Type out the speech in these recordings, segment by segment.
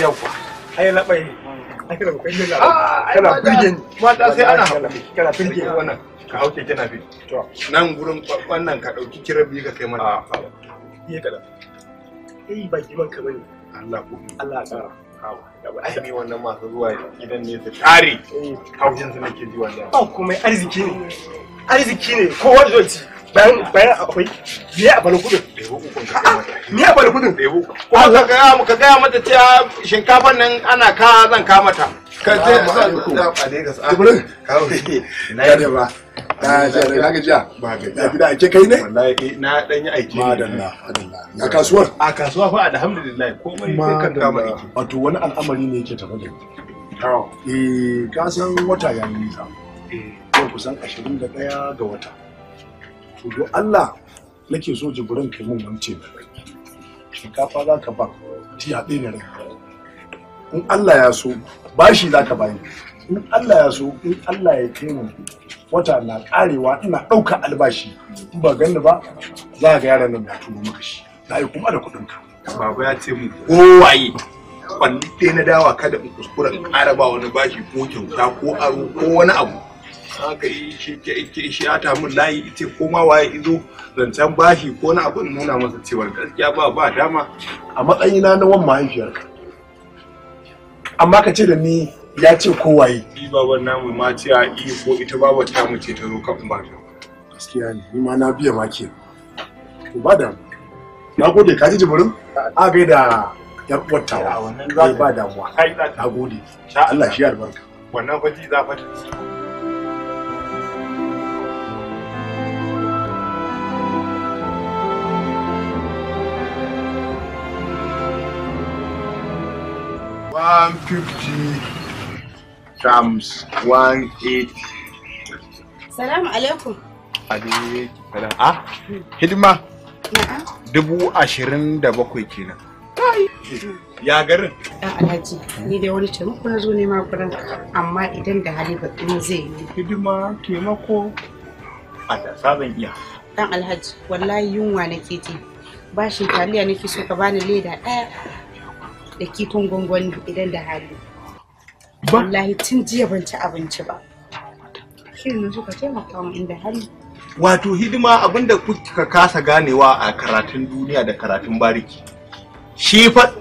yawwa ai labai kana kai ne kana birge ni ah, mata sai ana kana birge ni wannan ka auke kana bi to nan gurin wannan ka dauki kirabi ka kai mana yi ah, kada eh ba ki manka bane Allah ku Allah tsara Ai ne wannan masu zuwa gidan ne su tare eh. haushin su nake ji wannan. Ba komai arziki ne. Arziki ne kowa da bayan bayan akwai me ya bala kudin me ya bala kudin kuma ka gaya ka gaya mata cewa shinkafar nan ana ka zan ka mata ka je zan ka ne ba na jare na gajiya ba gajiya gida ake kai ne wallahi na dan yi aiki madalla madalla a kasuwar a kasuwa fa alhamdulillah komai sai kan kama aiki wato wani al'amari ne yake tafi da ni eh ka san wata yayin nisa eh kusan 21 ga wata to do Allah nake so jibrin kai mun wance shinkafa za ka ba ti haɗe ne rai in Allah ya so bashi za ka bayi in Allah ya so in Allah ya kai wata na karewa ina ɗauka albashi in ba ganni ba za ga yaran nan ya turo maka shi na yi kuma da kuɗin ka baba ya ce mu kowaye kwanne na dawa kada in kuskuren ƙara ba wani bashi ko kyauta ko aro ko wani abu haka yi shi ya tamu layi ita koma waye izo zancen bashi ko na abin nuna masa cewar gaskiya ba ba dama a matsayina na wan mahaifiyar amma ka ce da ni ya ce ko waye ni baban namu ma ce a yi ko ita baba ta mu ce ta zo kan ba gaskiya ne ni ma na biya ma ke to ba da na gode ka ji jibirin a da yar kwattawa ba damuwa na gode Allah shi albarka wannan kwaji za fata 150 times 180. Salamu alaikum. salam. Ah, hidima. Dubu ashirin da bakwai kenan. Ya garin? Ɗan alhaji, ni dai wani taimako na zo nema gurin amma idan da hali ɗin zai yi. Hidima, taimako, a da sabon iya. Ɗan alhaji, wallahi yunwa nake ji. Bashin taliya nake so ka bani leda ɗaya. da kifin gwangwani idan da hali wallahi tun jiya ban ci abinci ba shirin na suka taimaka wa inda hali wato hidima abinda kuka kasa ganewa a karatun duniya da karatun bariki shi fa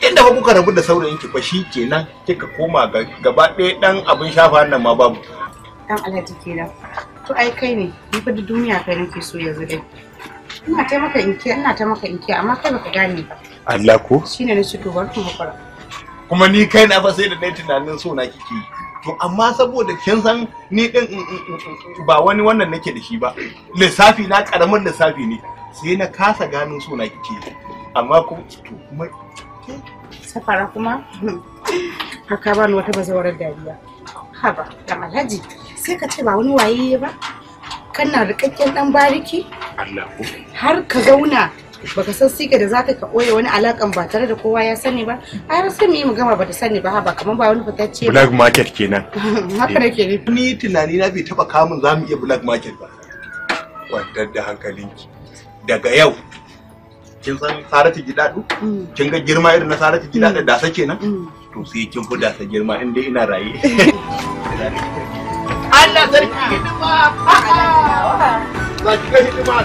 inda fa kuka rabu da saurayin ki fa shikenan kika koma gaba ɗaya dan abin shafa nan ma babu dan alhaji kenan to ai kai ne ni fa da duniya kai nake so yanzu dai ina taimaka ke, ina taimaka ke, amma kai baka gane ba Allah ko shine ne ci to bar kuma ni kai na fa sai da dai tunanin so na kike to amma saboda kin san ni din mm, mm, mm, ba wani wannan nake da shi ba lissafi na karamin lissafi ne sai na kasa gano so na kike amma kuma to kuma safara kuma haka ba wata bazawarar dariya haba dan alhaji sai ka ce ba wani waye ba kana rikakken dan bariki Allah ko. har ka zauna baka san sike da zaka ka koya wani alakan ba tare da kowa ya sani ba ai rasa me mu gama bata sani ba ba kaman ba wani fitacce ba black market kenan haka eh. nake nufi ni tunani na bai taba kamun zamu iya black market ba kwantar da hankalinki daga yau kin san saratu gidadu mm. kin ga girma irin na saratu gidadu mm. da sa kenan mm. to sai kin fi da sa girma in dai ina raye Allah sarki hidima ba ki ga hidima